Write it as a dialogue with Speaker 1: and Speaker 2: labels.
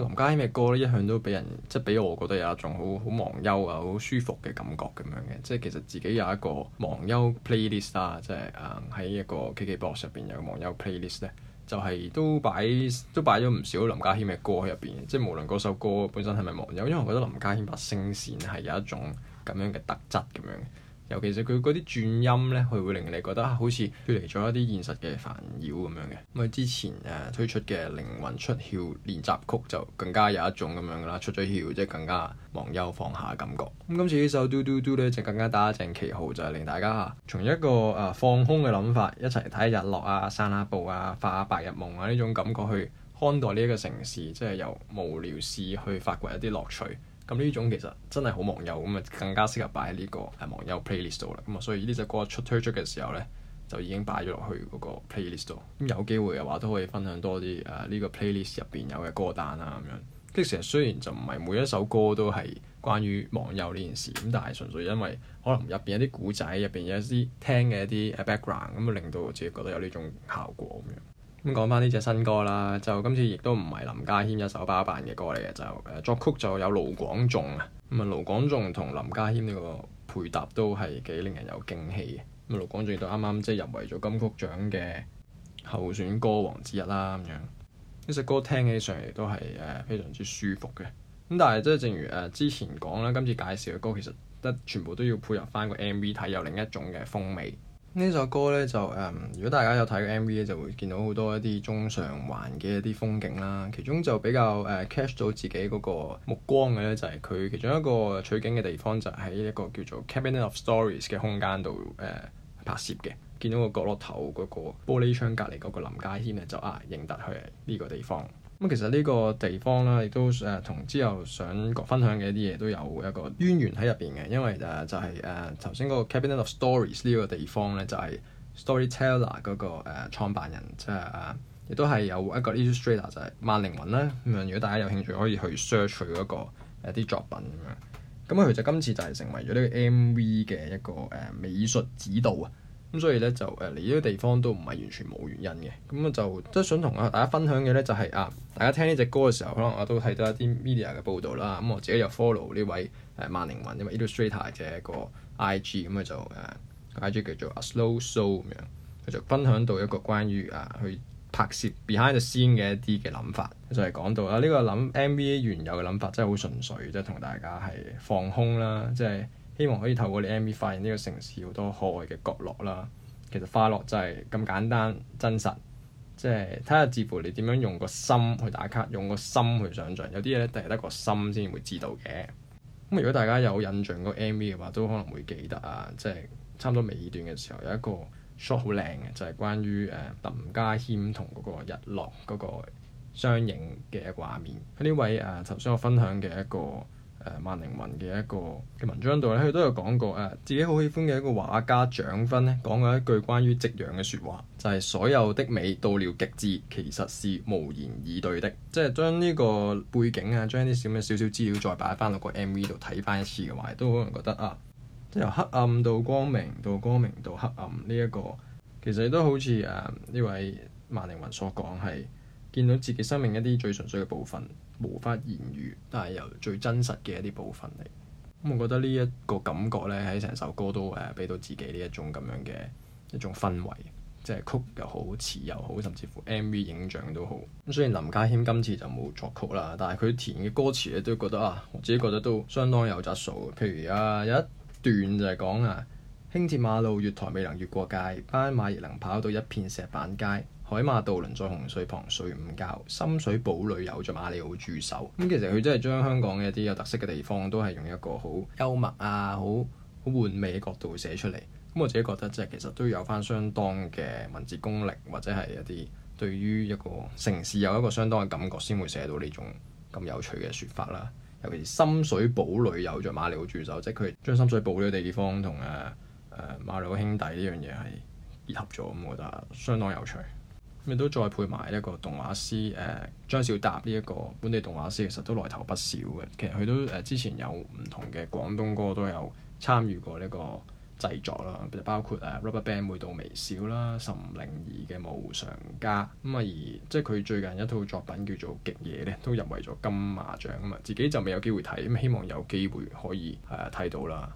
Speaker 1: 林家謙嘅歌咧，一向都俾人即係俾我覺得有一種好好忘憂啊，好舒服嘅感覺咁樣嘅。即係其實自己有一個忘憂 playlist 啊 play，即係啊喺一個 KKBox 入邊有忘憂 playlist 咧，就係都擺都擺咗唔少林家謙嘅歌喺入邊，即係無論嗰首歌本身係咪忘憂，因為我覺得林家謙把聲線係有一種咁樣嘅特質咁樣。尤其是佢嗰啲轉音呢，佢會令你覺得、啊、好似脫離咗一啲現實嘅煩擾咁樣嘅。咁佢之前誒、呃、推出嘅靈魂出竅練習曲就更加有一種咁樣啦，出咗竅即係更加忘憂放下嘅感覺。咁、嗯、今次首 doodoodoo 呢首嘟嘟嘟咧就更加打正旗號，就係、是、令大家啊從一個誒、呃、放空嘅諗法，一齊睇日落啊、散下步啊、化啊白日夢啊呢種感覺去看待呢一個城市，即係由無聊事去發掘一啲樂趣。咁呢、嗯、種其實真係好忘憂，咁啊更加適合擺喺呢個誒忘憂 playlist 度啦。咁、嗯、啊，所以呢隻歌出推出嘅時候咧，就已經擺咗落去嗰個 playlist 度。咁、嗯、有機會嘅話，都可以分享多啲誒呢個 playlist 入邊有嘅歌單啊咁樣。即係其實雖然就唔係每一首歌都係關於忘憂呢件事，咁但係純粹因為可能入邊一啲古仔，入邊有一啲聽嘅一啲 background，咁啊令到自己覺得有呢種效果咁樣。咁講翻呢隻新歌啦，就今次亦都唔係林家謙一手包辦嘅歌嚟嘅，就作曲就有盧廣仲啊。咁啊，盧廣仲同林家謙呢個配搭都係幾令人有驚喜嘅。咁啊，盧廣仲亦都啱啱即係入圍咗金曲獎嘅候選歌王之一啦。咁樣呢首歌聽起上嚟都係誒非常之舒服嘅。咁但係即係正如誒之前講啦，今次介紹嘅歌其實得全部都要配合翻個 M V 睇，有另一種嘅風味。呢首歌呢，就誒，如果大家有睇過 MV 咧，就會見到好多一啲中上環嘅一啲風景啦。其中就比較誒、呃、catch 到自己嗰個目光嘅咧，就係、是、佢其中一個取景嘅地方，就喺、是、一個叫做 Cabinet of Stories 嘅空間度誒拍攝嘅。見到個角落頭嗰個玻璃窗隔離嗰個林家謙咧，就啊認得佢呢、這個地方。咁其實呢個地方咧，亦都誒同、呃、之後想分享嘅一啲嘢都有一個淵源喺入邊嘅，因為誒、呃、就係誒頭先嗰個 Cabinet of Stories 呢個地方咧，就係、是、Storyteller 嗰、那個誒、呃、創辦人，即係亦、呃、都係有一個 illustrator 就係慢靈魂啦。咁樣如果大家有興趣，可以去 search 佢嗰個一啲、呃、作品咁樣。咁啊，其實今次就係成為咗呢個 MV 嘅一個誒、呃、美術指導啊。咁所以咧就誒嚟呢個地方都唔係完全冇原因嘅，咁啊就即係想同啊大家分享嘅咧就係、是、啊大家聽呢隻歌嘅時候，可能我都睇到一啲 media 嘅報道啦。咁、嗯、我自己又 follow 呢位誒、啊、慢靈魂，因為 illustrator、嗯、就係個 IG 咁佢就誒 IG 叫做 A Slow Soul 咁樣，佢就分享到一個關於啊去拍攝 behind the scene 嘅一啲嘅諗法，就係、是、講到啦呢、啊這個諗 MV 原有嘅諗法真係好純粹，即係同大家係放空啦，即係。希望可以透過你 M V 發現呢個城市好多可愛嘅角落啦。其實快樂就係咁簡單真實，即係睇下視乎你點樣用個心去打卡，用個心去想像。有啲嘢咧，第係得個心先會知道嘅。咁如果大家有印象個 M V 嘅話，都可能會記得啊。即係差唔多尾段嘅時候有一個 shot 好靚嘅，就係關於誒林家謙同嗰個日落嗰個相映嘅一個畫面。呢位誒頭先我分享嘅一個。誒、啊、慢靈魂嘅一個嘅文章度咧，佢都有講過誒、啊、自己好喜歡嘅一個畫家蔣勳咧，講過一句關於夕陽嘅說話，就係、是、所有的美到了極致，其實是無言以對的。即係將呢個背景啊，將啲少少資料再擺翻落個 MV 度睇翻一次嘅話，都可能覺得啊，即由黑暗到光明，到光明到黑暗呢一、這個，其實都好似誒呢位慢靈魂所講係，見到自己生命一啲最純粹嘅部分，無法言喻，但係由最真實嘅一啲部分嚟。咁我覺得呢一個感覺呢，喺成首歌都誒俾到自己呢一種咁樣嘅一種氛圍，即係曲又好，詞又好，甚至乎 MV 影像都好。咁雖然林家謙今次就冇作曲啦，但係佢填嘅歌詞咧都覺得啊，我自己覺得都相當有質素，譬如啊，有一段就係講啊。輕鐵馬路月台未能越過界，斑馬亦能跑到一片石板街。海馬渡輪在洪水旁睡午覺，深水埗裏有着馬里奧駐守。咁、嗯、其實佢真係將香港嘅一啲有特色嘅地方，都係用一個好幽默啊，好好玩味嘅角度寫出嚟。咁我自己覺得，即係其實都有翻相當嘅文字功力，或者係一啲對於一個城市有一個相當嘅感覺，先會寫到呢種咁有趣嘅說法啦。尤其是深水埗裏有着馬里奧駐守，即係佢將深水埗呢個地方同誒。老兄弟呢樣嘢係結合咗，咁我覺得相當有趣。咁亦都再配埋一個動畫師誒、呃、張小踏呢一個本地動畫師，其實都來頭不小嘅。其實佢都誒、呃、之前有唔同嘅廣東歌都有參與過呢個製作啦，包括誒《Rubber Band》《每道微笑》啦，《岑寧兒》嘅《無常家》咁啊。而即係佢最近一套作品叫做《極夜》咧，都入圍咗金馬獎啊嘛。自己就未有機會睇，咁希望有機會可以係睇、呃、到啦。